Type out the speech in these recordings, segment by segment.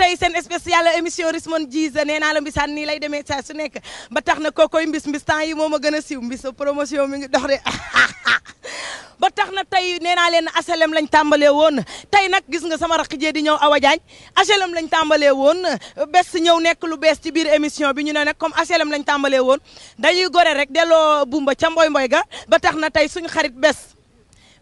tey seen spécial émission Rismon Djizz nee naa la mbisaan ni lay demee saa su nekk ba tax na kookoy mbis mbis temps yi moom a gën a siiw mbis promotion mi ngi dox de ba tax na tey nee naa leen aselem lañ tàmbalee woon tey nag gis nga sama rakk jee di ñëw a Diagne HLM lañ tàmbalee woon bés ñëw nekk lu bees ci biir émission bi ñu ne nag comme HLM lañ tàmbalee woon dañuy gore rek delloo bumba ca mboy mboy ga ba tax na tey suñu xarit bés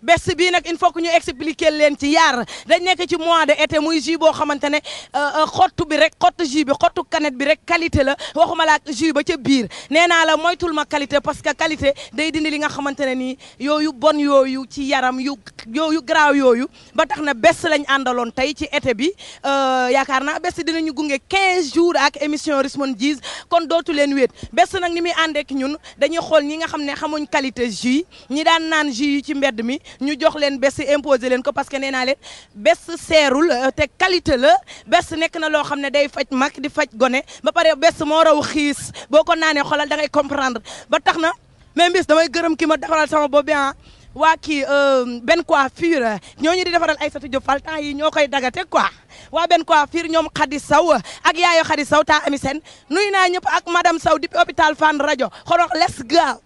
best bii nag il faut ñu expliquer leen ci yaar dañ nekk ci mois de été muy jus boo xamante ne euh, euh, xottu bi rek xottu jus bi xottu canette bi rek qualité la waxuma la ak ba ca biir nee naa la moytul ma qualité parce que qualité day dindi li nga xamante ne nii yooyu bon yooyu ci yaram yu yooyu garaaw yooyu ba tax na best lañ àndaloon tey ci été bi euh, yaakaar naa best dinañu gunge 15 jours ak émission Rismon Djizz kon dootu leen wéet best nag ni muy àndeek ñun dañuy xool ñi nga xam ne xamuñ qualité jus ñi daan naan jus ci mbedd mi ñu jox leen bés imposé leen ko parce que nee naa leen bés seerul euh, te qualité la bés nekk na loo xam ne day faj mak di faj gone ba pare bés moo raw xiis boo ko naanee xoolal da ngay comprendre ba tax na mais bis damay gërëm ki ma defaral sama bopp bi ah. waa kii euh, benn coiffure ñooñu di defaral ay Diop Fall temps yi ñoo koy dagate quoi waa benn coiffure ñoom Khady Sow ak yaayo Khady saw taa ami seen nuyu naa ñëpp ak madame Sow di hôpital Fann rajo xoro les gars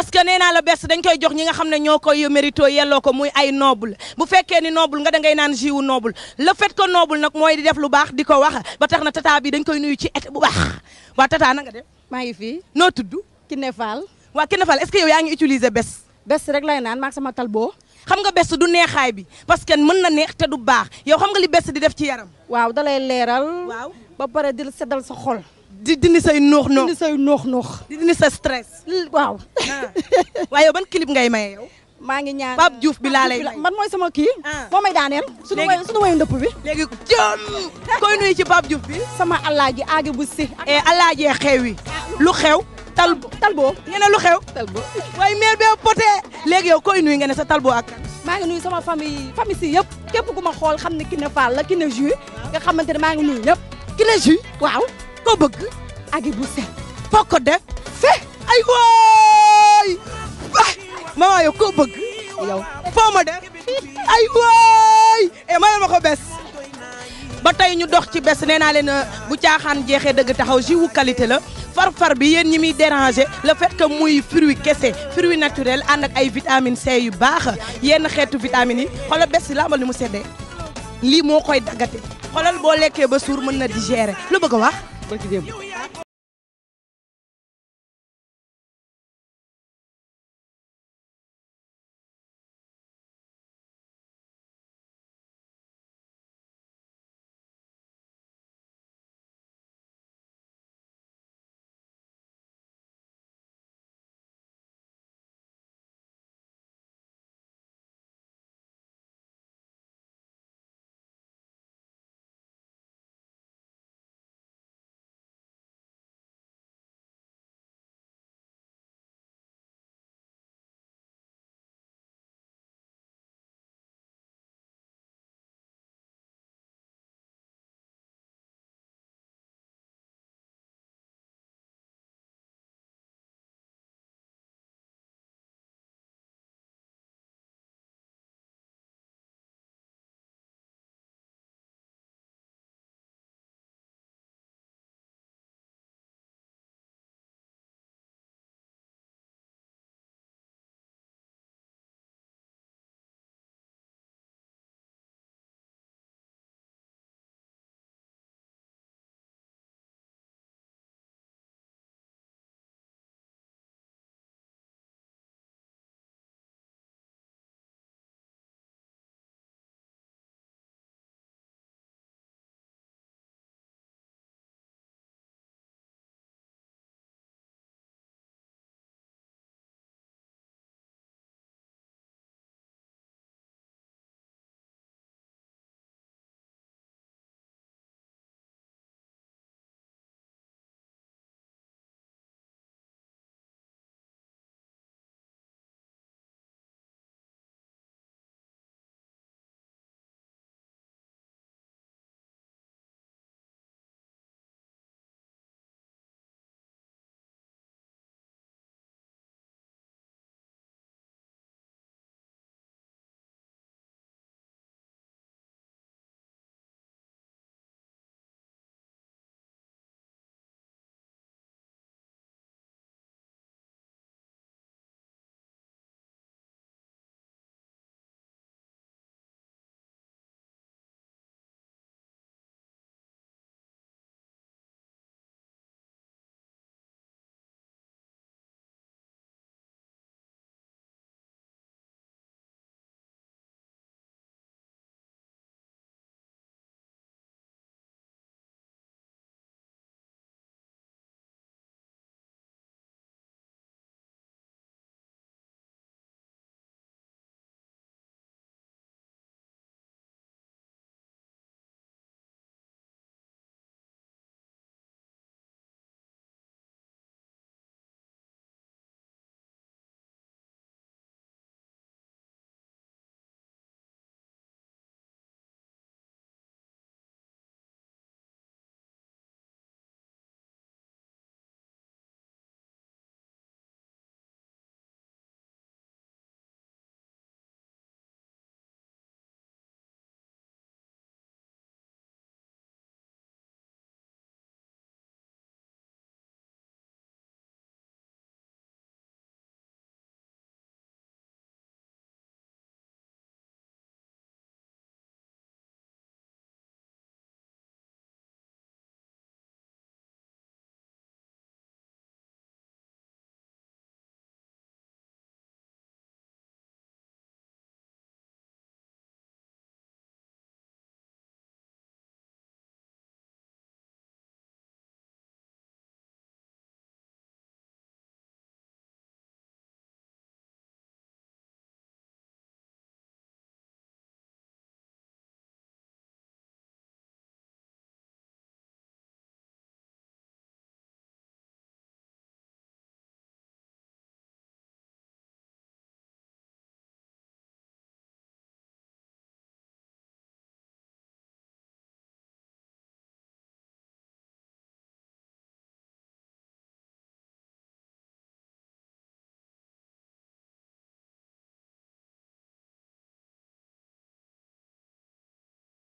parce que nee naa la best dañ koy jox ñi nga xam ne ñoo koy mérito yelloo ko muy ay noble bu fekkee ni noble nga da ngay naan jiwu noble le fait que noble nag mooy di def lu baax di ko wax ba tax na tata bi dañ koy nuyu ci et bu baax waa tata nanga de maa ngi fii noo tudd. ki Fall. waa Kiné Fall est-ce que yow yaa ngi utiliser best. best rek lay naan maak sama talboo. xam nga best du neexaay bi parce que mën na neex te du baax yow xam nga li best di def ci yaram. waaw da leeral. waaw ba pare di seddal sa xol. di dindi say noox noox dindi say noox noox. di dindi sa stress. waaw. Ah. waaye ban clip ngay maye yow. maa ngi ñaan Pape Diouf bi laa lay man mooy sama kii. Ah. moo may daaneel. sunu woy sunu woyu ndëpp bi. léegi jëm koy nuyu ci Pape Diouf bi. sama alaaji aage bu si. E, alaaji xew yi lu xew. talbo talbo ngeen lu xew. talbo waaye meer bee poté. léegi yow koy nuy nga ne sa talbo ak. maa ngi nuy sama famille famille si yëpp képp ku ma xool xam ne Kiné Fall la Kiné nga xamante ne maa ngi nuyu ñëpp Kiné Jus waaw. ko bëgg agi bu set foo ko def fe ay waay ah, mama yow ko bëgg yow foo ma def ay waay e ma ko bes ba tey ñu dox ci bes nee naa leen euh, bu caaxaan jeexee dëgg taxaw jiwu qualité la farfar bi yéen ñi muy déranger le fait que muy fruit kese fruit naturel ànd ak ay vitamine C yu baax yenn xeetu vitamines yi xoolal bes si lambal ni mu seddee lii moo koy daggate xoolal boo lekkee ba suur mën na digérer lu bëgg a wax. ba ci démb